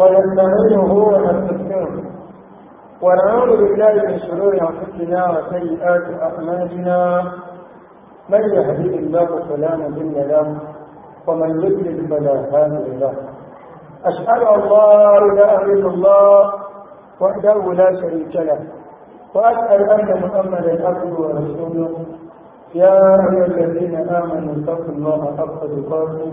هو ونستغفره ونعوذ بالله من شرور انفسنا وسيئات اعمالنا من يهدي الله فلا مضل له ومن يضلل فلا هادي له اشهد ان لا اله الا الله وحده لا شريك له واسال ان محمدا عبده ورسوله يا ايها الذين امنوا اتقوا الله حق تقاته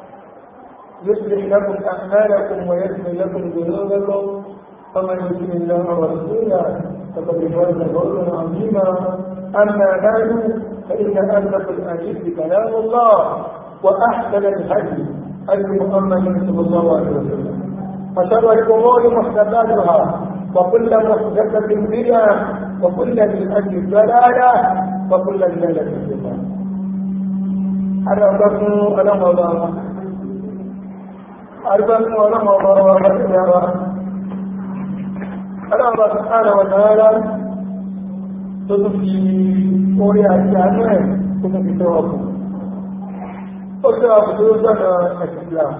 يصلح لكم أعمالكم ويغفر لكم ذنوبكم ومن يطع الله ورسوله فقد فاز فوزا عظيما أما بعد فإن أنفق الحديث كلام الله وأحسن الهدي هدي محمد صلى الله عليه وسلم فشر الأمور محدثاتها وكل محدثة بدعة وكل بدعة ضلالة وكل ضلالة في النار. أنا أقول أنا مولانا أربعة ولم الله إلا الله سبحانه وتعالى تدفي أوري أجانه تدفي توابه أجاب دوزنا الإسلام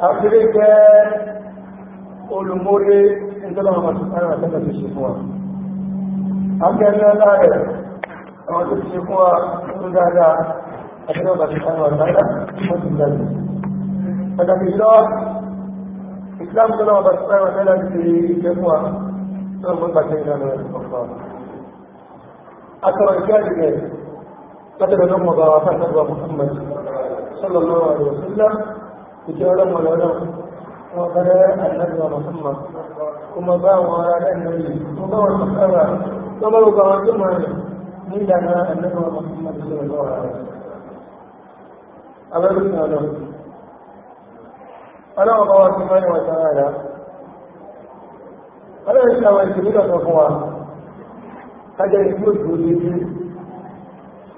أبدلك الأمور عند الله سبحانه وتعالى تشفوها أبدلنا لا يرى أما تشفوها تدادا أجاب الله سبحانه وتعالى تشفوها pàtàkì jùlọ islam tó lọ́wọ́ bá ti pẹ́rọ tẹ́lá ti fi ìjẹ́ fún wa tó mọ́ pàtàkì ìlànà ọ̀fà akọrọ ìfẹ́ àjẹ́gẹ̀ látọ̀dọ̀ náà mọ̀ bá wa fà náà muhammad sallallahu alaihi wasallam ìjẹ́ ọlọ́mọ lọ́dọ̀ wọn bẹ̀rẹ̀ àdínàbíwa muhammad kuma ba wọn ará ẹ̀nàrí wọn bá wọn sọ̀rọ̀ wọn bá wọn bá wọn tó mọ̀ ní ìlànà àdínàbíwa muhammad sallallahu alaihi wasallam ọlọ́run bá wá sí mọ́rin wọ̀tán rárá ọlọ́run sí àwọn ìṣèlú lọ́sọ fún wa kájẹ́ni tí ó dúró lójú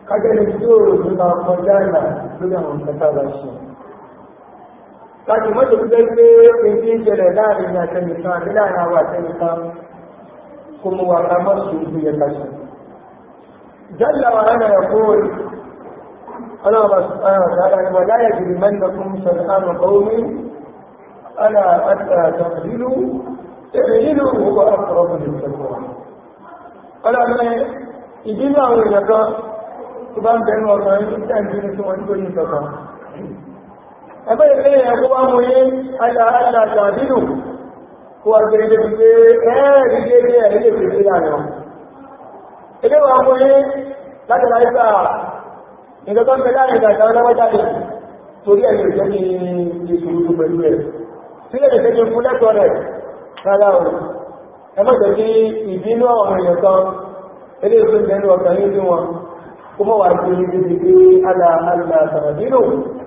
kájẹ́ni tí ó rò nípa kọjá ìlà lórí àwọn ìfẹ́ta bá ṣe láti mọ́tò tó jẹ́ pé èyí ń ṣẹlẹ̀ láàrin àtẹnìkan àti láàrin àwọn àtẹnìkan kó mú wa ká mọ́ sí ibi yẹn ká ṣe ألا ألا تعدلوا تعدلوا هو أقرب للتقوى قال أنا ìdílé àwọn èèyàn kan tó bá ń bẹ̀rù ọ̀rọ̀ ẹni tí àìjí ní tí wọ́n tó yí sọ́kà ẹgbẹ́ ilé ẹ̀kọ́ wá mú yé aláàtà nínú kó wá gbé ilé wípé ẹ́ẹ̀rí dédé ẹ̀rí lè fi sílá lọ ilé wá mú yé láti láìpà nǹkan tó ń bẹ láàrin ìgbà ìgbà ọlọ́wọ́jáde torí ẹ̀rí ìjẹ́ ní ìṣòro pẹ̀lú ẹ̀rí sílẹ̀ lè fẹ́jọ fún lẹ́tọ̀ọ́ rẹ̀ rárá o ẹ mọ̀ tẹ̀lé ìbínú àwọn èèyàn kan ilé ìlú ìgbẹ́nu ọ̀kan yóò dín wọn kó mọ̀ wá sí ibi ibi ala ala sàmàdínù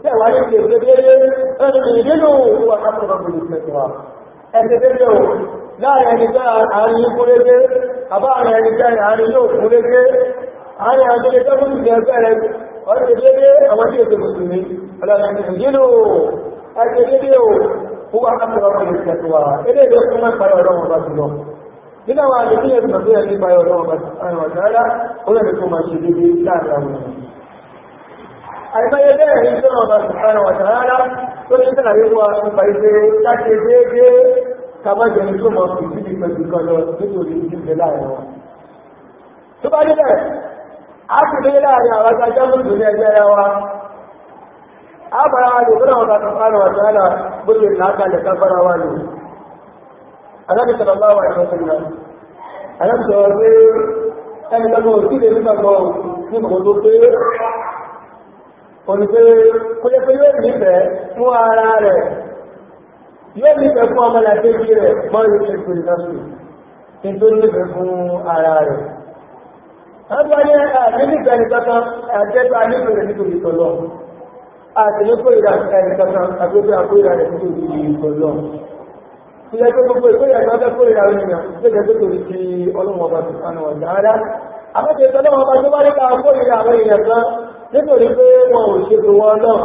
tẹ̀ wá ní ìlú ìgbẹ́dẹ́dẹ́ ẹni ìdínú wà kápọ̀rọ̀ bìlì fẹ́tọ̀ wa ẹsẹ̀ tẹ́lẹ̀ o láàrin ẹni tẹ́ àárín yìí kúrégé àbá àárín ó wá àtọ́rọ̀ ìlú tẹ̀tùwà ilé ìlú fún mẹ́pàá ọlọ́run bá jùlọ nínú àwọn àlejò ẹ̀sùn tó yẹ nípa ọlọ́run bá jùlọ ó lè tó máa ṣe dédé láàrin àwọn ènìyàn àìbáyé bẹ́ẹ̀ ní sọ́nà ọba sùpáyà wà tààrà tó ní sẹ́nà wíwọ́ nípa ìṣe láti déédé kàmájẹ ní tó máa fi síbi pẹ̀lú kan lọ nítorí ìdíje láàrin wọn tó bá dé bẹ́ẹ̀ á sì dé láàrin àwọn agbára ne muna wata kafara wa tsara bugun naka da kafara wa ne alaƙi sallallahu alaihi wasallam alaƙi sallallahu alaihi ẹni tọ́gbọ́ òsì lè nígbà gbọ́ ní kò tó pé òní pé kó yẹ pé yóò nífẹ̀ẹ́ fún ara rẹ̀ yóò nífẹ̀ẹ́ fún ọmọ làkejì rẹ̀ mọ́rin ní ìpínlẹ̀ lọ́sùn kí tó nífẹ̀ẹ́ fún ara rẹ̀ wọ́n tó wáyé àti nífẹ̀ẹ́ nìkan kan àti ẹgbẹ́ nífẹ̀ẹ́ nítorí tọ́lọ́ àti ní kórìíra ẹnìkankan àti ojú àkórìíra rẹ̀ tó tóbi ìkọlọ́ tó yẹ pé gbogbo ìkórìíra tó fẹ́ kórìíra rẹ̀ nìyà tó yẹ pé torí ti ọlọ́wọ́ bá tìkánà ọ̀dà ara àmọ́tẹ̀ ìtọ́lọ́wọ́ bá tó bá rí ká kórìíra àwọn èèyàn kan nítorí pé wọn ò ṣe tó wọn náà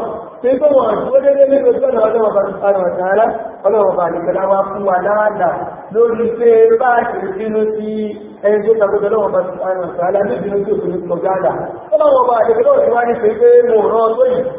tí pé wọn àtúwó dédé ní ojú ọ̀nà ọlọ́wọ́ bá tìkánà ọ̀dà ara ọlọ́wọ́ bá nìkẹ́lá wá fún wa dáadáa lórí pé bá sínú sí ẹni tó tàbí ọlọ́wọ́ bá tìkánà ọ̀dà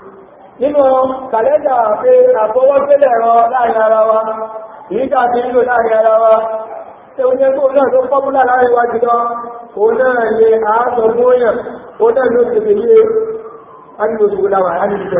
nínú kàlẹ́dà pé àfọwọ́gbélẹ̀ ẹ̀rọ láàrin ara wa ìríkà ti nílò láàrin ara wa tí ó ní ẹgbẹ́ náà tó pọ́pùlà láàrin wa jùlọ ó náà lè àátọ̀ múyàn ó náà ló ti fi lé ánìlòsù láwà ní kò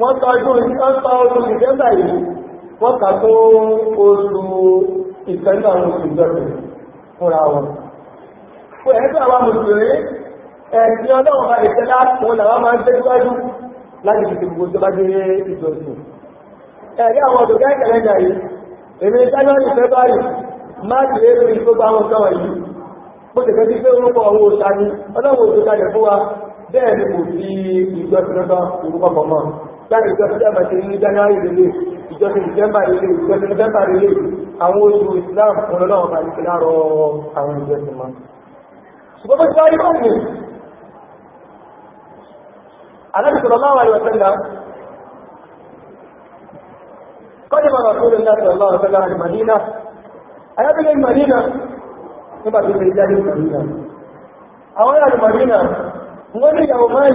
wọ́n tọ́jú ọdún ọ̀tọ́ ọdún ìjẹ́mbà yìí wọ́n kà tó oṣù ìfẹ́nà oṣù fúnra wọn fún ẹ̀ẹ́dọ́ àwọn mùsùlùmí ẹ̀sìn ọlọ́run bá ìfẹ́ láàpọ̀ làwọn máa ń tẹ́síwájú láti fi gbogbo tó bá dé ìjọsìn ẹ̀rí àwọn ọdún kẹ́kẹ̀rẹ́ láàrin ìjọ sílẹ̀ àmàṣe ní january lélẹ̀ ìjọ sí december lélẹ̀ ìjọ sí november lélẹ̀ àwọn oṣù islam fún ọlọ́run ọba àti láàrọ̀ àwọn ìjọ sí ma. ṣùgbọ́n bó ti wáyé kọ́ ni alábìsọ̀rọ̀ láwọn àyẹ̀wò sẹ́ńdà kọ́ni bàbá tó lè ní àti ọlọ́run sẹ́ńdà àti madina arábìnrin madina nígbà tó lè jáde madina àwọn ní ìyàwó máa ń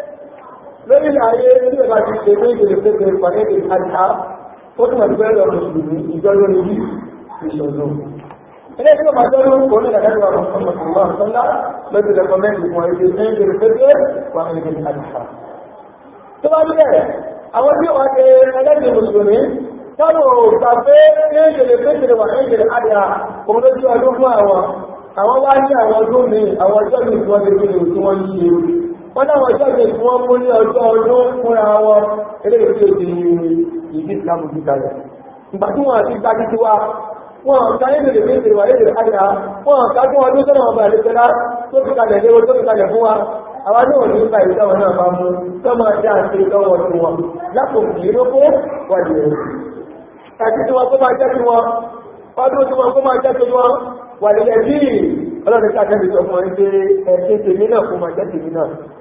lórí ayé ilé ìbá ti ṣe ní ìgbèrè pépè pàdé ìdí àjá ó túnmọ̀ sí pẹ́lú ọmọ mùsùlùmí ìjọ lórí yìí ìṣòro ilé tí ó máa jọ́rú òun nígbà tẹ́lú àwọn ọmọ ọmọ ọ̀sánlá lọ́dún lẹ́kọ̀ọ́ mẹ́rin wọn èdè ní ìgbèrè pépè wà ní ìdí àjá tó bá bí bẹ́ẹ̀ àwọn tí wọ́n ṣe ẹlẹ́gbẹ̀ mùsùlùmí tọ́nù òògbà pé ní ìgbèrè pépè wà ní ìgbèrè àjá òun ló ti ọdún fún àwọn àwọn wá ní àwọn ọdún mi àwọn ọjọ́ mi tí wọ́n ti gbé wọ́n náà wọ́n jáde tí wọ́n mú ní ọjọ́ ọdún fúnra wọn eléyìí tí ó ti ní ìdí ìsìlámù bí kalẹ̀ ìgbà tí wọ́n àti gbájú ti wá wọ́n ká lédèrè méjì wà lédèrè àdìhà wọ́n ká gún ọdún tó náà bá àlejòlá tó fi kalẹ̀ léwo tó fi kalẹ̀ fún wa àwa náà ní ìgbà ìdáwọn náà bá mú tó máa dá àti ìdánwò tí wọn lápò ìlókó wà ní ẹ̀rù àti tí wọn kó máa jẹ́ tí wọn ọdún tí wọn kó máa jẹ́ tí wọn wà ní ẹ̀jì ọlọ́run ká jẹ́ tí wọn fún ẹ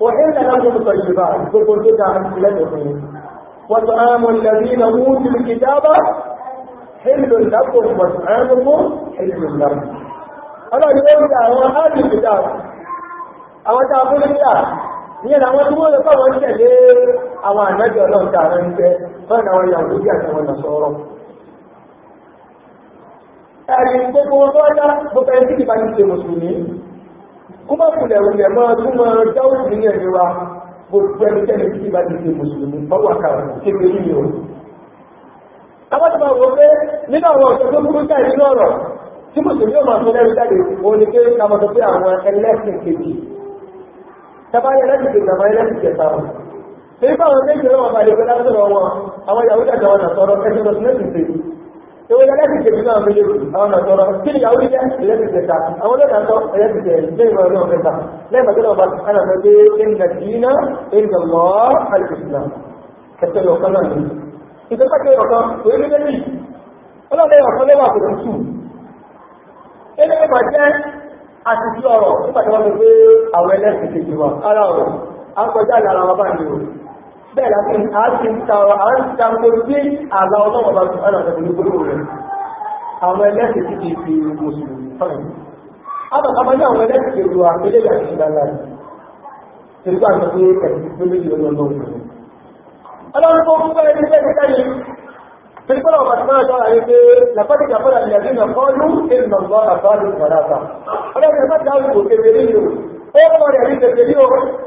وحل لهم الطيبات فقلت دعم لكم وطعام الذين اوتوا الكتاب حل لكم وطعامكم حل لكم ọlọ́run ni ó ń gba àwọn áàdì ìgbìdá àwọn tá a fún ní ẹ̀nà àwọn tí wọ́n lọ tẹ̀lé àwọn ànájọ ọlọ́run tá a rán jẹ́ wọ́n náà yà wọ́n bí àtàwọn ọ̀nà gbogbo wọn Kuma má kùlẹ̀kùlẹ̀ máa tún máa dáwọ́ sí ní ẹ̀mí wa gbogbo ẹnikẹ́ni tí ìbá ti ṣe mùsùlùmí bá wà kà kékeré ni o. abájọba wo pé nínú àwọn ọ̀sẹ̀ tó burú jáì nínú ọ̀rọ̀ tí mùsùlùmí ò máa sọ lẹ́nu jáde òun ni pé ká máa sọ pé àwọn ẹlẹ́sìn kejì tabari ẹlẹ́sìn kejì àwọn ẹlẹ́sìn kẹta wọn. èyí fáwọn méjì lọ́wọ́ balẹ̀ pé lásìrò wọn àwọn yahoo ẹlẹ́sìnkèjì náà fi lérò àwọn àtọ́rọ kí ni yàwó jẹ́ ẹlẹ́sìnkẹta àwọn olóòtàtọ́ ẹlẹ́sìnkẹ lẹ́yìn ọdún ọ̀fẹ́ta lẹ́yìn ọdún ọba ana sọ pé ẹnìyà dìínà ẹnìyà lọ alìkìsìlá kẹsẹ̀ ọ̀kan náà ni ìjọba kẹ ọ̀kan tó ní lẹ́yìn ọlọ́dẹ ọ̀kan lẹ́wà kò tó tù ẹni mẹ́fà jẹ́ àtìsí ọ̀rọ̀ nígbà tí wọ́n fi pé àwọn ẹlẹ́sìnkèjì wa ara ọ̀rọ̀ akọjá ìlara wa bá ní o bẹ́ẹ̀ láti a ti ta a ń ta ko sí àlà ọlọ́wọ́ bá tún ọ̀nà ìṣẹ̀lẹ̀ gbogbo rẹ̀ àwọn ẹlẹ́sìn ti di fi mùsùlùmí fọ́nà àbàkàmọ́ ní àwọn ẹlẹ́sìn ti lu àwọn ẹlẹ́sìn àti ìlànà rẹ̀ tẹ̀lé bá ń sọ pé ẹ̀sìn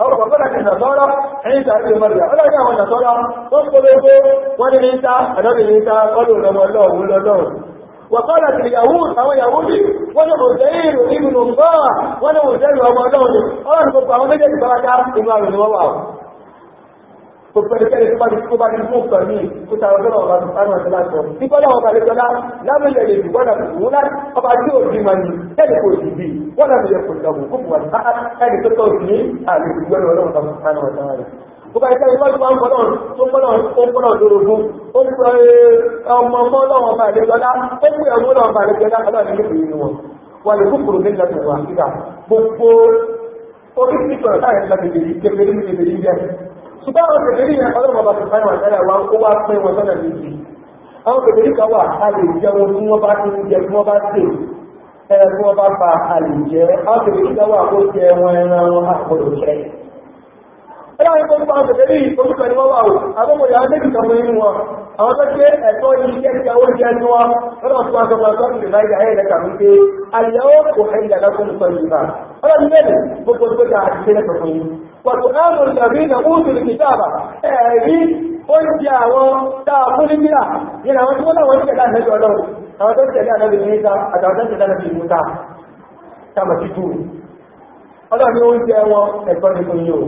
أو فقلت النصارى عيسى ابن مريم ألا يا النصارى فاصبروا ولن عيسى النبي عيسى قالوا له الله ولا الله وقالت اليهود أو يهودي وأنا عزير ابن الله وأنا عزير أبو الله قال فقالوا مجد بركة إمام الله kòtòkẹ́lẹ́ tó bá ti kó bá ti mú kan ní kúta ọlọ́rọ̀ ọba tó sáré ọ̀tọ́ láti ọ̀rọ̀. nípa náà ọba àlejòlá lábẹ́lẹ̀ lè wọ́dà kò wúlá ọba tí ò bí ma ní ẹni kò sì bí wọ́dà mi yẹ kò dàgbò kó wà ká ẹni tó tọ́ sí àlejò gbọ́dọ̀ ọlọ́run ọba tó sáré ọ̀tọ́ rẹ̀. Gbogbo ẹ̀ka ìwọ́n ti máa ń bọ́lọ̀ tó bọ́lọ̀ ó bọ́lọ̀ lórogún. Ó ń sọ eh, ọmọ ọmọ ọlọ́run ọba àlejòlá ó ń pè ọmọ ọlọ́run ọba àlejòlá ọlọ́run ní ìlú wọn. Wà lè kúkúrú ní ìlànà ìwà àkíkà. Gbogbo orí nípa ọ̀tá ẹ̀ka ìbèrè ìbèrè ìbèrè ṣùgbọ́n àwọn kèfèrí yẹn ọlọ́run ọba ṣùgbọ́n àwọn àtàrà wa ó wá pín wọn sọ́nà méjì àwọn kèfèrí kan wà a lè jẹ wọn tí wọ́n bá ti ń jẹ tí wọ́n bá ṣe ẹran tí wọ́n bá pa a lè jẹ àwọn kèfèrí kan wà kó jẹ wọn ẹran wọn àkọlò jẹ láàrin tó ń bá ọ̀sẹ̀ lórí orúkọ ni wọ́n wà ó àbọ̀mọ̀ ìyá méjì kan mú inú wọn àwọn tó ṣe ẹ̀tọ́ iṣẹ́ ti àwọn oúnjẹ ní wọn lọ́dọ̀ tó wá sọ́kọ̀ ọ̀sọ́ ìrìnà ìyá ẹ̀yẹ lẹ́ka mi pé àyẹ̀wò kò hẹ́ ìyá lọ́kùn sọ yìí bá ọ̀rọ̀ mi bẹ́ẹ̀ gbogbo tó ta àṣìṣe lẹ́kọ̀ọ́ fún yín pọ̀tù áàmù ìjàrí na oúnjẹ ìkìtàbà ẹ̀rí oúnjẹ àwọn táà fún ní bíà yẹn àwọn tí wọ́n náà wọ́n ti kẹta àṣẹjọ ọlọ́run àwọn tó tẹ̀lé àlọ́bì ní ìta àtàwọn tó tẹ̀lé àlọ́bì ní ìta tàbí títú ọlọ́run oúnjẹ wọn ẹ̀tọ́ ní fún yóò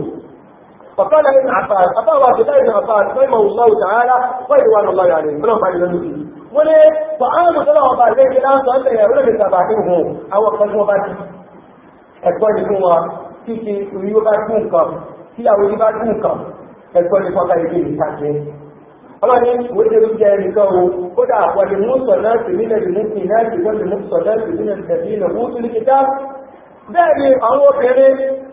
فقال ابن عباس أبا عبد الله بن عباس رحمه الله تعالى ورضوان الله عليه من هم عليه ذنبه وليه طعام طلعوا بعد ذلك الآن صلت يا ولد الزباكينه أو أقل مبادي أكبر لكم كيكي ويبادكم كي أو يبادكم أكبر لكم كيكي لكم Allah ni wanda yake ya nika wo koda wal musallat min al mu'minat wal musallat min al ladina utul kitab da ne an wo fere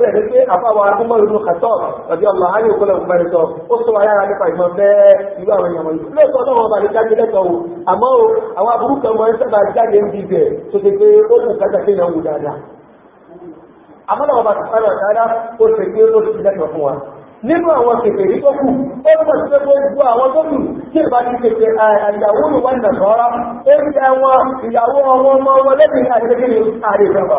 bẹ́ẹ̀ pé àfáwà akúmọ̀ ìlú kàtọ́ ọ̀dí ọmọ ayé òkúlẹ̀ òkúlẹ̀ sọ ó sọ wáyé ara nípa ìmọ̀ bẹ́ẹ̀ ìlú àwọn èèyàn wọ̀nyí lóòótọ́ náà wọn bá lè jáde lẹ́tọ̀ọ́ o àmọ́ o àwọn aburú kan mọ̀ ẹ́sẹ̀ bá jáde ń di bẹ̀ tó ṣe pé ó kù kájà pé ìyàn wù dáadáa àmọ́ náà wọn bá tàbí ọ̀rọ̀ dáadáa ó ṣe pé ó ti lẹ́tọ̀ fún wa nínú àwọn kèfè ní tó kù ó mọ̀ sí pé gbogbo àwọn tó kù tí ìbá ti kèfè àyàwó ìwà ìnàkọ́ra ó ń jẹ àwọn ìyàwó ọmọ ọmọ ọmọ lẹ́yìn àti lẹ́yìn àti ìjọba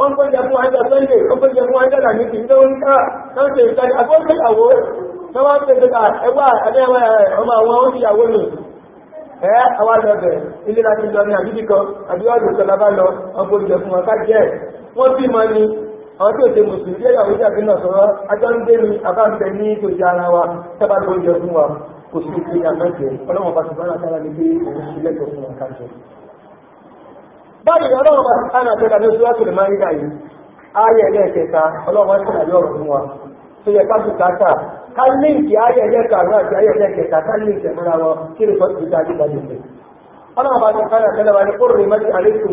wọ́n fẹ́ jẹ fún àìjọ sunday wọ́n fẹ́ jẹ fún àìjọ làní kì í tó ń ká náà ṣe ìtàní àbọ́sí àwọ̀ ń pè síta ẹgbà àbẹ́wà àwọn oníyàwó nù ẹ́ àwọn àjọbẹ̀ ilé láti wọn ká jẹ́ wọ́n bí mọ́ ni àwọn tí náà ara wa tẹ́bà tó fún wa kò sí ìpínlẹ̀ bá ti bá báyìí ọlọ́run bá sánà tó dàbí oṣù láti lè máa ń dà yìí ayé ẹlẹ́ẹ̀kẹta ọlọ́run ṣàlàyé ọ̀rọ̀ fún wa tó yẹ káàtó káàtà ká líǹkì ayé ẹlẹ́ẹ̀kẹta àti ayé ẹlẹ́ẹ̀kẹta ká líǹkì ẹ̀mọ́ra wọn kí ló sọ ti dá dé dájú ọlọ́run bá sánà tẹ́lẹ̀ wá ní kó rèé mẹ́tì àlékún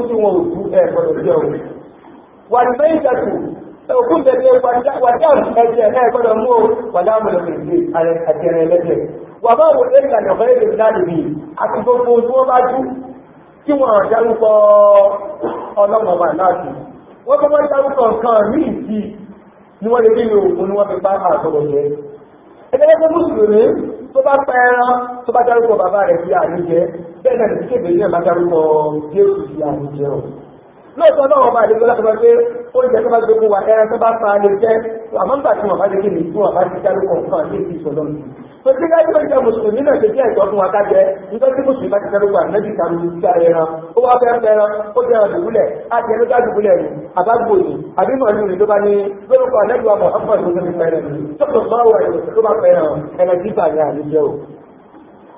mọ̀lẹ́ mẹ́tì wàlùbẹ́yìntàtù òkú tẹ̀lé wàdàm ẹ̀jẹ̀ náà gbọ́dọ̀ mú wàdàm lọ́kẹ̀lẹ́ àti ẹ̀rẹ̀ ẹlẹ́jẹ̀ wà bá wò ẹ̀ka lọ́kẹ̀lẹ́ lè dáàbì bí àti gbogbo tí wọ́n bá dú kí wọ́n dárúkọ ọlọ́mọba láti wọ́n bá wọ́n dárúkọ nǹkan ní ìdí ni wọ́n lè bí ní òkun ni wọ́n fi bá àtọ̀rọ̀ jẹ́ ẹgbẹ́ tó mùsùlùmí tó bá pa ẹran tó bá dárúkọ bàbá rẹ̀ bí àníjẹ bẹ́ẹ̀ náà lóòótọ́ náà ọba àdégbé láti máa gbé oúnjẹ tó bá gbé fún wa ẹran tó bá fa lè jẹ́ àmọ́ nígbà tí wọ́n bá dégbé ní tí wọ́n bá ti dárúkọ fún àti èsì ìsọ̀lọ́ mi. Òṣèlú ká yóò jẹ Mùsùlùmí náà ṣe jẹ́ ẹ̀tọ́ fún wa ló bá fẹ́ràn ẹran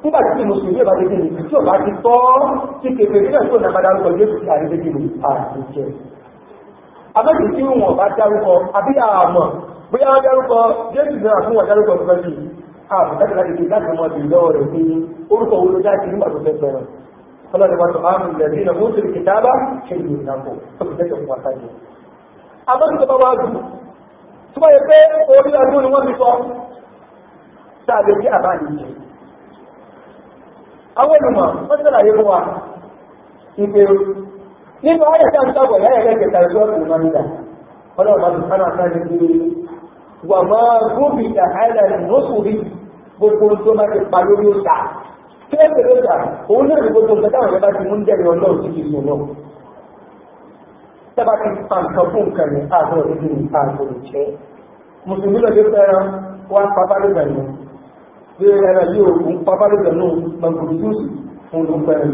nígbà tí mùsùlùmí ọba ti kéde tí ọba ti tọ́ tí kèfè nígbà tí ọ̀nà àbádá rúkọ yóò ti àrí gbégbé ní àti jẹ. abẹ́jì tí wọn bá dárúkọ àbí àmọ̀ bóyá wọn dárúkọ jésù náà fún wọn dárúkọ tó fẹ́ẹ́ àmọ̀ láti láti fi láti mọ ìlọ rẹ̀ ní orúkọ wo ló jáde nígbà tó fẹ́ẹ́ fẹ́ràn. ọlọ́run wa sọ àmì ìlẹ̀rí náà mú sílùkì dábà ṣe ìlú ìdàpọ̀ tó fi tẹ́tọ̀ fún wa sáyé. abẹ́jì tó bá wá dùn tó bá yẹ pé orí adúlù wọn ti sọ sáà lè rí àbá nìyẹn àwọn olùmọ̀ wọ́n sọ̀rọ̀ yé fún wa ìpè nínú ayé tí a ń sọ̀rọ̀ ìyá ẹ̀rẹ́ kẹta ìlú ọ̀sùn náà nígbà ọlọ́run bá ti sánà sáà ní pé wà máa gómìn ìjà àìlẹ̀ lóṣùrí gbogbo tó máa ti pa lórí ọ̀sà kí ẹ pèrè ọ̀sà òun náà ní gbogbo nǹkan táwọn ẹ̀rẹ́ bá ti mú ń jẹ́rìí ọlọ́run sí ìṣù náà tábà ti pa nǹkan fún nǹkan ní àárọ̀ ìdí ní àárọ̀ ìjẹ́ mùsùlùmí bí ẹ̀rẹ̀ ní òkun pápálẹ̀lẹ̀ náà mọ̀kùnrùsùsù fún olùpẹ̀rẹ̀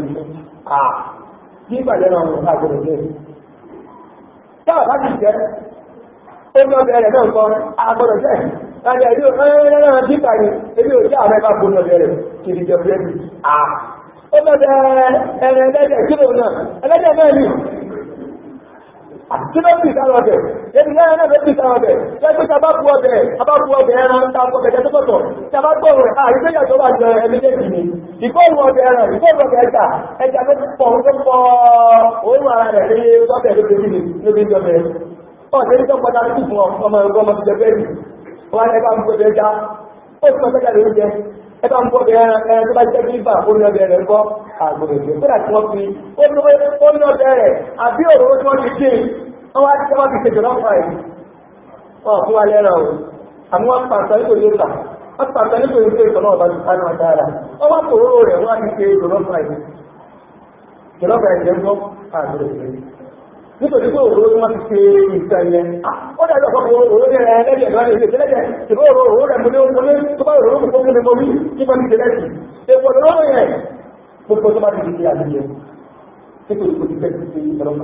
àà bí ìpàdẹ́nà ọ̀rọ̀ àgbẹ̀rẹ̀ jẹ́ táà bá ti jẹ́ ẹgbẹ́ ọ̀bẹ̀rẹ̀ náà kọ́ agbọ́dọ̀ jẹ́ láti ẹ̀rí ọ̀rẹ́rẹ́rẹ́ bí ìpàdé ebí òjá àwọn ẹgbà fún ọ̀bẹ̀rẹ̀ kiri ẹ̀rẹ̀ kí ló bì sára ọbẹ̀ ẹni náà náà ló bì sára ọbẹ̀ lẹ́gbẹ́ tí a bá bu ọbẹ̀ a bá bu ọbẹ̀ ẹran tá a bu ọbẹ̀ jẹ́ tọ́tọ̀ tí a bá gbọ́ rẹ̀ a ìgbé yàtọ̀ wà jọ ẹni méjì ni ìgbóhùn ọbẹ̀ ẹran ìgbóhùn ọbẹ̀ ẹja ẹja ló pọ̀ ló pọ̀ òun ara rẹ̀ ní ọbẹ̀ ló bẹ̀rẹ̀ lóbi ọbẹ̀ ọ̀sẹ̀ ní tọ́pọ̀ dáa fún ọmọ ọmọ ìjọba ẹni wọn ẹgbẹ́ àwọn ọmọ ìjọba ẹja ó sì mọ̀ ẹ bá ń bọ́ bẹ̀rẹ̀ ẹ tó bá jẹ́ bíbà ó ní ọbẹ̀ rẹ̀ ń bọ́ àgbọ̀dọ̀ ìgbẹ́ tí wọ́n fi ó ní rẹ̀ àbí òróró tí wọ́n ti dín tí wọ́n ti ṣèjọ lọ́pàá yìí wọ́n fún wa lẹ́ràn o àmú wọn pàṣẹ nítorí ìgbà wọ́n pàṣẹ nítorí pé ìtọ́nà ọba ti sáré wọn dára wọ́n wá rẹ̀ wọ́n ṣe nítorí pé òróró tí wọ́n ti ṣe nǹkan yẹn ah, ó dàbí ọ̀pọ̀ òróró rẹ̀ lẹ́jẹ̀ lẹ́jẹ̀ ṣùgbọ́n òróró rẹ̀ múlé múlé tó bá òróró kò múlé mọ́ bí kí wọ́n ti ṣe lẹ́sì èpò òróró yẹn gbogbo tó bá ti di àdúgbò nítorí kò ti fẹ́ ti ṣe ìrọ̀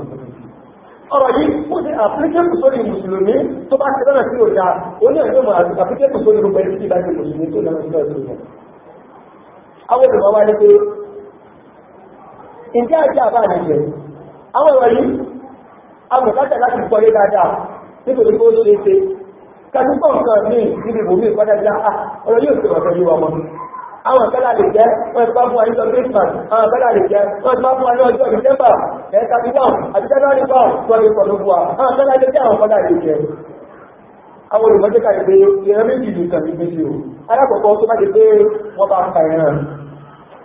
ọ̀rọ̀ yìí ó ti àplikẹ́kù sórí mùsùlùmí tó bá ti lọ́nà sí òjà oní ẹ̀rọ mọ̀ àplikẹ́kù sórí gbogbo ẹni tí ìbá ti mùsùlùmí tó lọ́nà sí ọ̀tún yẹn àwọn olùmọ̀ wá ní agbẹ̀kátà láti gbọ́ yé dáadáa nítorí pé ó ṣe é ṣe kàtúkọ̀ nǹkan ní níbi ìbòmí ìpádájá ọ̀rọ̀ yóò ṣe ọ̀tọ̀ yíwa mọ́ àwọn ìpẹ́lá lè jẹ́ wọ́n ti bá fún àyíjọ christmas àwọn ìpẹ́lá lè jẹ́ wọ́n ti bá fún àyíjọ ọjọ́ december ẹ̀ẹ́ta bí wọ́n àti january fowl wọ́n ti pọ̀lú fún wa àwọn ìpẹ́lá lè jẹ́ àwọn ìpẹ́lá lè jẹ́ àwọn olùmọ́jẹ́ka lè pé ìran méjì ní ìtàn ìgbé sí o alákọ̀ọ́kọ́ tó bá ti pé wọ́n bá pa ẹran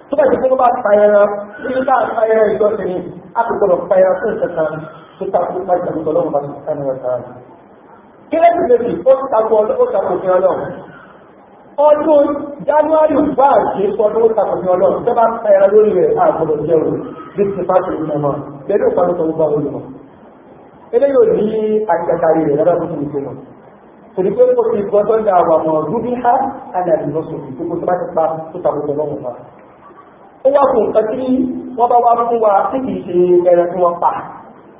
tó bá ti pé wọ́n bá pa ẹran nígbà pa ẹran ìjọsìn ni a kò gbọdọ̀ pa ẹran fún ìtẹ̀kan tó takò májèlé ọlọ́run bá ti sáré wọ́n sára ní. kérésìmesì ó takò ó takò fi ọlọ́run ọdún january wà ṣe sọdún ó takò fi ọlọ́run tó bá ta ẹran lórí rẹ̀ àgbọ̀dọ̀ jẹun bí ti fà ṣe ìmọ̀ lẹ́nu ìpanu tó gbà olùmọ̀ eléyìí ò ní àjàkárì rẹ̀ lábẹ́ fún mi fún mi torí pé ó ti gbọ́ tó ń da àwọn ọmọ rúbí ha alàbí lọ́sọ̀rọ̀ gbogbo tó ti pa tó takò tó ó wá fún nǹkan tí wọ́n bá wá fún wa tí kì í ṣe ẹran tí wọ́n pa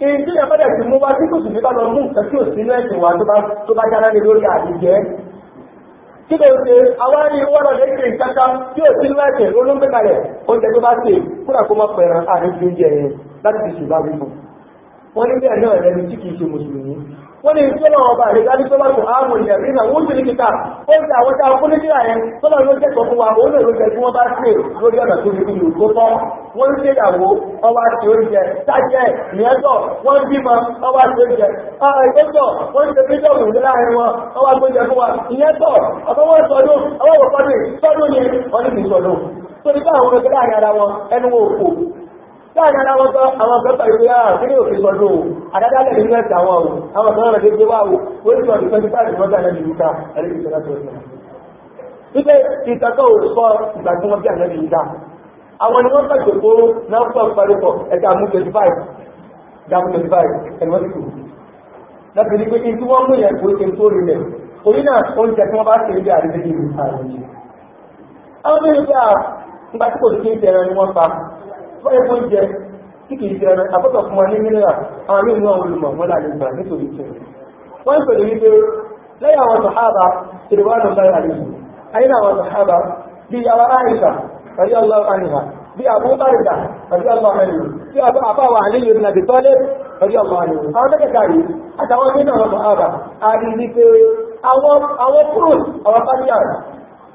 èyí ẹ̀ fẹ́dẹ̀ tí mú wá tí kò sì fi bá lọ mú nǹkan tí ò sínú ẹ̀sìn wa tó bá jára ní lórí àdìjẹ́ kí ló ṣe àwọn ní wọ́n lọ lẹ́sìn kankan tí ò sínú ẹ̀sìn olóńgbé kalẹ̀ oúnjẹ tó bá ṣe kúrò kó mọ́ pẹ̀rẹ̀ àrídìí oúnjẹ yẹn láti fi ṣùgbọ́n wíwò wọ́n ní bẹ́ẹ̀ náà lẹ́nu tí kì ṣe mùsùlùmí wọ́n lè fi ọlọ́wọ́ bá rẹ̀ dájú tó bá tó ààrùn ilẹ̀ rí náà wọ́n sì ní kíkà ó ń ta àwọn tá a fún nígbà yẹn tọ́lá ló jẹ́kọ̀ọ́ fún wa òun lè lóṣẹ̀ tí wọ́n bá ṣe lórí ọ̀nà tó ní ìlú tó tọ́ wọ́n ń ṣe ìyàwó ọwá ti oúnjẹ sájẹ́ ìyẹ́tọ̀ wọ́n ń bímọ ọwá ti oúnjẹ ẹ̀ẹ́dọ́tọ̀ wọ́n ń ṣe bíjọ́ọ̀mù láàrin wọn ọwá gbóúnjẹ fún wa ìyẹ́tọ̀ ọ̀tọ̀ wọ́n sọdún ọwọ́ wọ̀ sọdún sọdún ni wọ́n ní kì í sọdún torí bá àwọn ọmọ ẹgbẹ́ láàrin ara wọn ẹnu wọn òkú láàrin ara wọn sọ àwọn akẹ́kọ̀ọ́ ìwé ààrùn ah, kí ní òfin sọdún o àdádálẹ̀ nínú ẹ̀sẹ̀ àwọn o àwọn kan rẹ̀ gbé wá o wọ́n ti sọdún twenty five mọ́tà náà ní ìlúta ẹ̀rí ìṣẹ́lá tó ṣe. wípé ìtàkọ́ ò sọ ìgbà tí wọ́n bí àná ìlúta àwọn ni wọ́n fẹ́ jòkó náà pọ̀ paripọ̀ ẹ̀ka mú twenty five dàmú twenty five ẹ̀ni wọ́n ti kù. láti rí pé kí tí wọ́n mú yẹn kó ṣe tó rí lẹ̀ orí náà oúnjẹ tí wọ́n bá ṣe níbi àrídé ìlú àwọn ah, ìgbà tí kò sí ìṣẹ̀rẹ̀ ni wọ́n pa fọ́yẹ́ fún jẹ tí kìí jẹ ẹran àbọ́tọ̀ fún wa ní mìíràn àwọn mí náà olùmọ̀ wọn là lè gbà nítorí tẹ̀. wọ́n ń pèlè wípé lẹ́yìn àwọn sàhábà ìrìwá lọ bá yàrá yìí ayé àwọn sàhábà bí àwọn àìsà àti ọlọ́ àníhà bí àbú àìsà àti ọlọ́ àníhà bí àbú àbáwà àníyàn ní àbí tọ́lẹ̀ àti ọlọ́ àníhà. àwọn mẹ́tẹ̀ẹ̀ta yìí àtàwọn mí náà sàhábà àrí wípé àwọn kúrò àwọn pàtíyà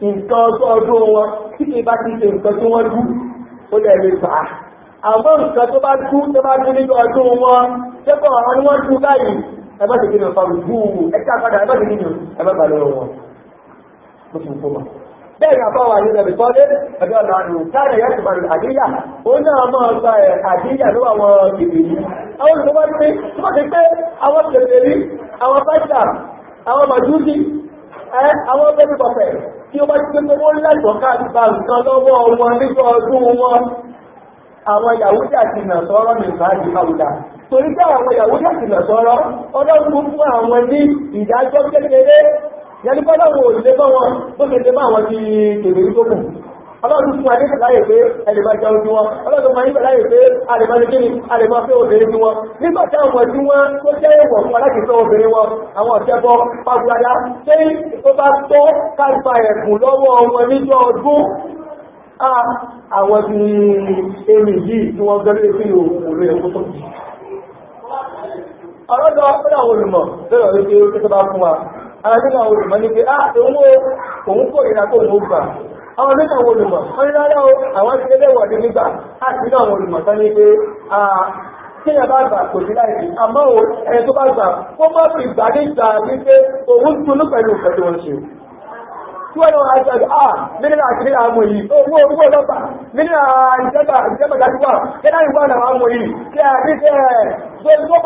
nǹkan ọdún wọn tí kì bá ti ṣe nǹkan tí wọ́n dú ó lẹ́rẹ̀ bà á àwọn nǹkan tó bá dú tó bá dú nínú ọdún wọn tẹ́kọ̀ àwọn ni wọ́n dú báyìí ẹgbẹ́ ti kí ni ọ̀fà rùgbù ẹ̀ka padà ẹgbẹ́ ti kí ni ẹgbẹ́ bà lọ́wọ́ wọn mo sì ń kó ma bẹ́ẹ̀ ni àbáwà ní ẹ̀bẹ̀ tọ́lé ẹ̀dọ́ ọ̀lànà táàrà yẹ́ ti bàrù àdíyà ó náà mọ́ ọgbà ẹ̀ àdíyà ló àwọn bèbè yìí àwọn olùkọ́ bá ti pé àwọn bèbè yìí àwọn bájà àwọn màjúsí àwọn ọgbẹ́ni bọ̀fẹ̀ tí ó bá ti gbé owó lẹ́gbọ̀n káàkiri bá nǹkan lọ́wọ́ wọn nígbà ọdún wọn àwọn Yahudi àti nàṣọ́rọ́ ní ìbáàdì àwùdá torí pé àwọn Yahudi àti nàṣọ́rọ́ ọlọ́run fún àwọn ní ìdájọ́ kékeré yẹnipọ́lọ́wọ́ òṣèlébọ́ wọn tó ṣe ọlọ́run fún adé láyè pé ẹlẹ́mà jẹ́ ojú wọn ọlọ́run máa ń bẹ̀ láyè pé àlèmà ní kíni àlèmà fẹ́ obìnrin tí wọn nígbà tí àwọn tí wọn tó jẹ́ ìwọ̀n fún aláti fẹ́ obìnrin wọn àwọn ọ̀tẹ́bọ pàgbàdá ṣé tó bá tọ́ káàkiri ẹ̀kùn lọ́wọ́ wọn níjọ́ ọdún àwọn bí èmì yìí tí wọ́n gẹ́rẹ́ sí òun ẹ̀kùn tó ọ̀rọ̀dọ̀ ọ̀pẹ́lá olùmọ̀ lọ́rọ̀ wípé ó tẹ́tọ́ bá fún wa. àwọn ìpínlẹ̀ olùmọ̀ ní pé ah òun kò ìrìnà tó mú gbà àwọn mẹ́ta àwọn olùmọ̀ wọ́n ní rárá o àwọn ti lẹ́lẹ́ wọ̀ ní nígbà láti ní àwọn olùmọ̀ tán ní pé kíyàn bá gbà kò sí láìsí àmọ́ ẹni tó bá gbà ó má fi gbà nígbà wípé òun túnú pẹ̀lú ìfẹ́ tí wọ́n ṣe 200 àti àdúrà nínú àkìrí àwọn èyí owó owó lọ́pà nínú ìjọba ìjọba ìjọba kẹ́lá ìwà náà àwọn èyí kí a ní kẹ́ gbogbo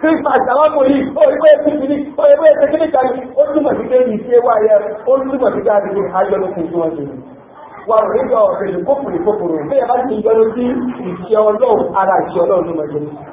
Christmas àwọn àwọn èyí orígbé ìpínlẹ̀ orígbé ìpínlẹ̀ kan ó túmọ̀ sí pé ìṣe wà yẹ ó sí wọ́n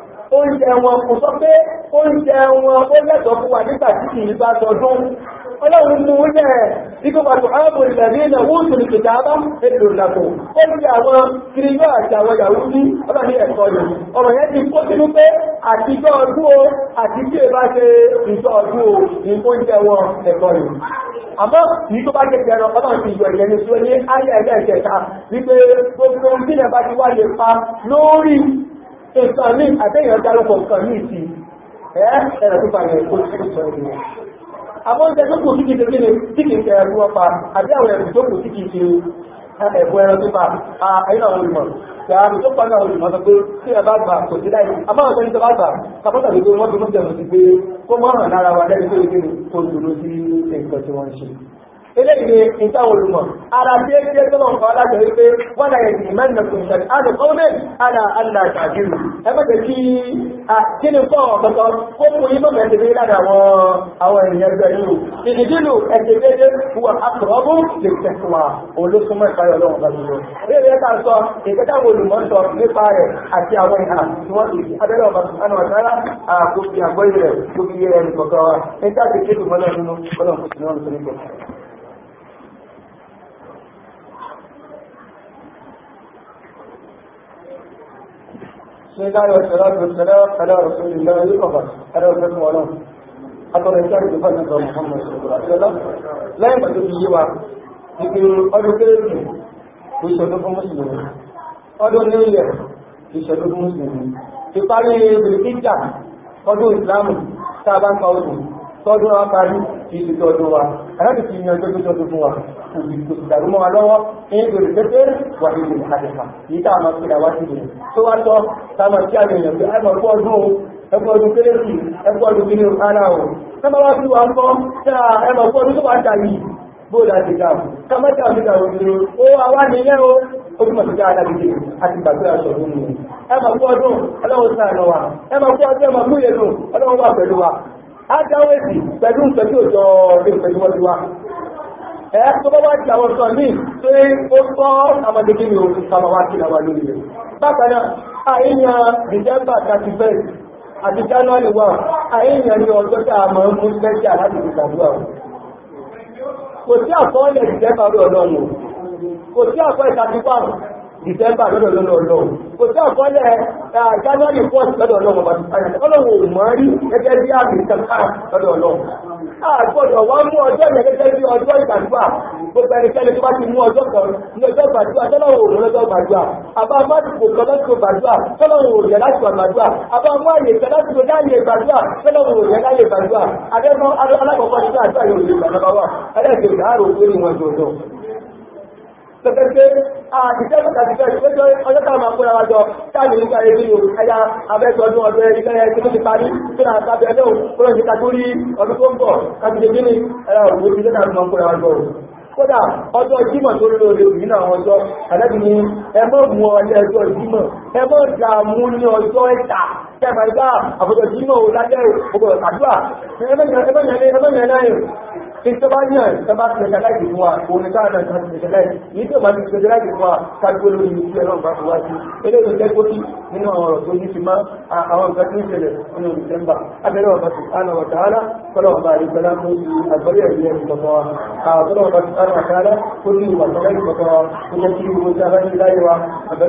oúnjẹ wọn kò sọ pé oúnjẹ wọn ó lẹ́tọ̀ọ́ fún wa nígbà tí kì í bá tọdún ọlọ́run mú lẹ̀ ikú pàtó ààbò ìlànà ìlànà wúùtù ní kìtà bá ètò ìlànà ó ní àwọn kìrìyọ́ àti àwọn ìyàwó ní ọlọ́run ní ẹ̀kọ́ yìí ọ̀rọ̀ yẹn ti kó sínú pé àtijọ́ ọdún o àti tí èbá ṣe ìjọ ọdún o ní oúnjẹ wọn ẹ̀kọ́ yìí àmọ́ ní tó bá jẹ́jẹ́ ẹran ọlọ́run ti yọ ìyẹn tí ó ní ayé ẹ̀lẹ́ẹ̀kẹta wípé gbogbo ohun tí ilẹ̀ bá ti wáyé pa lórí nǹkan ní àtẹ́yàn dárúkọ nǹkan ní ìsì ẹ̀rẹ̀ tó bàyẹ̀ tó tó sọ ìrìn àwọn oúnjẹ tó kù sí kìí tẹ́lẹ̀ tí kìí tẹ́lẹ̀ tí wọ́n pa àbí àwọn ẹ̀rù tó kù sí kìí ṣe ẹ̀bù ẹran tó pa àyínà àwọn olùmọ̀ ìyàrá tó pa náà olùmọ̀ sọ tí ẹ bá gbà kò sí láì àbá àwọn tó bá gbà kàpọ́tà ló pé wọ́n fi mú jẹun sí pé kó mọ́ lára wa lẹ́ni tó lè kó dúró sí nǹkan tí wọ́n ń ṣe eléyìí ni ìtàwọn olùmọ̀ ara tí é tí é tọ́lọ̀ nǹkan alájọ wípé wọ́n náà yẹn jìnnì mẹ́rin lọ́kùnrin sọ̀rọ̀ àti ọmọdé àlà àlà tàbíru ẹgbẹ́gbẹ́ kí kí ni fọ́ ọ̀kọ̀tọ̀ ó mú yí mọ́mọ́ ẹ̀sẹ̀ bíi lára àwọn àwọn ènìyàn ẹgbẹ́ yìí ìdílù ẹ̀sẹ̀ déédé wà àkọ́bù lè tẹ̀síwà olóṣùmọ̀ ìpayọ̀ lọ́wọ́ bá lọ́wọ́ eré ẹ̀ka sọ ìkẹta wo olùmọ̀ sọ nípa rẹ̀ àti àwọn ìhà tí wọ́n ti abẹ́rẹ́ ọba sùnánù àtàrà àkókò àgbọ́yé rẹ̀ tó fi yé ẹnì kọ̀ọ̀kan wa nígbà tí kí ìdùnmọ́ náà nínú ọlọ́run kò sí náà lóṣù nípa بسم الله والصلاة والسلام على رسول الله وبعد على رسول الله أتوقع إنسان يفعل نظر محمد صلى الله عليه وسلم لا يمكن أن يجيبها لكن أدو كريم يشهدوك مسلمين أدو نية يشهدوك مسلمين ìparí bìrìkíjà ọdún ìsìlámù tàbá ń pa ọdún tọdún wa parí kìí ṣe tọdún wa aláàbì ti yan ọjọ́ tó fún wa òbíkò ìdàrú mọ́ wa lọ́wọ́ ní ìgbèrè pẹ́pẹ́ wà ní ìlú àdìfà yìí tá a máa fi dàwá sí ìlú tó wá tọ́ tá a máa fi àwọn èèyàn pé a máa kú ọdún o ẹkú ọdún kérésì ẹkú ọdún kéré ara o sábà wá fi wà ń bọ́ tá a máa kú ọdún tó wà ń ta yìí bóòdà ti dà ká má dà mí dàrú o ó àwa nílẹ̀ o ó túmọ̀ sí dáadáa gidi àti gbàgbé aṣọ ọdún mi ẹ máa kú ọdún ọlọ́run sáà lọ wa ẹ máa kú ọdún ẹ máa mú ìyẹn lò ọlọ́run wà pẹ̀lú wa ádáwèsì pẹ̀lú nǹkan tí ò jọ rí nǹkan tí wọ́n ti wá ẹ̀ tó bá wá di àwọn nǹkan míì tó ń ó tọ́ amadede mi ò ti sábà wá sí àwọn lórí rẹ̀ bákan náà àìyàn december thirty first àti january one àìyàn ní ọjọ́ tí a máa ń mú special láti fi ṣàdúrà kò sí àkọọ́lẹ̀ ìjẹ́bàrú ọlọ́run kò sí àkọọ́lẹ̀ ìtàkùn December lọ́dọ̀ lọ́dọ̀ ọlọ́run. Kò sí àkọọ́lẹ̀ January 1st lọ́dọ̀ ọlọ́run ọba ti sáyẹn. Ọlọ́run ò mọ̀ rí gẹ́gẹ́ bí àmì ìtẹ̀ká lọ́dọ̀ ọlọ́run. Àgbọ̀dọ̀ wá mú ọjọ́ yẹn gẹ́gẹ́ bí ọjọ́ ìgbàdúrà. Gbogbo ẹnikẹ́ni tó bá ti mú ọjọ́ kan ní ọjọ́ ìgbàdúrà tọ́lọ́run òun lọ́jọ́ ìgbàdúrà. Àbá Mádìpò kan lọ́sọ̀ ìgbàdúrà tọ́lọ́run òun yẹ láti wà gbàdúrà. Àbá mú àyè kan láti lọ láàyè gbàdúrà tọ́lọ́run òun yẹ láàyè gbàdúrà. Adẹ́gbọ́n alákọ̀ọ́kọ́ ní gbàdúrà yóò lè gbàdúrà wà. Ẹlẹ́sìn ìdáàrò tó ní wọn jọ̀ọ̀dọ̀. pẹ̀pẹ́ pé àtìsẹ́ pàtàkìsẹ́ ìgbẹ́jọ́ ọjọ́ tá a máa kóra wájọ táàmì nígbà ebi ya ẹ̀yà abẹ́sọ̀ọ́dún ọdún ẹ̀rí lẹ́yẹ tí wọ́n ti parí tó náà sábẹ́ ẹ̀lẹ́ òun kó lọ́ọ́ ti ká ọdún tó ń bọ̀ bí ní ẹ mọ́ dààmú ní ọjọ́ ẹ̀ta kẹfà ìgbà àbọ̀dọ̀ tí náà lájẹ́ ògbọ̀dọ̀ tàdúrà ẹmẹ́yẹn láyé ìjọba yàn ìjọba specialize fún wa òun ká náà ká specialize yìí tó bá ti specialize fún wa ká gbé lórí ìlú ẹ̀rọ ìgbà tó wá sí eléyìí jẹ́ kó sí nínú àwọn ọ̀rọ̀ tó ní ti má àwọn nǹkan tó ń ṣẹlẹ̀ nínú December abẹ́rẹ́ ọ̀gá tó ánà wọ̀tá ánà kọ́lọ̀ ọ̀gá àríkọ́lá tó ti àgbọ́lẹ̀ ẹ̀rí ẹ̀rí kọ̀kọ́ wa kọ́lọ̀ ọ̀gá tó ánà wọ̀tá ánà kó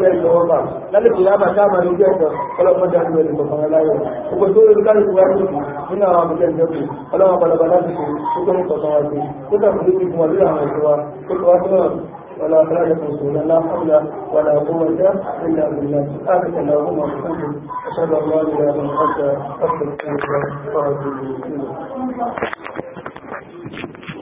ní ìwà wà lálẹ́ kò yá bàtà àmà lójú ẹ̀kan ọlọ́mọdé àti ẹ̀lú kọ̀ọ̀kan aláyọ̀ gbogbo tó lórí káàkiri wá sí nínú àwọn àmì ìjọba ọlọ́mọ balaba láti ṣe tó tó ní kọ̀ọ̀kan wá sí tó tó fi fún wa lórí àwọn ẹ̀kọ́ wa tó tó wá sí náà ولا بلاد رسول لا حول ولا قوة إلا بالله آخر اللهم وبحمده أشهد أن لا إله إلا أنت أستغفرك وأتوب إليك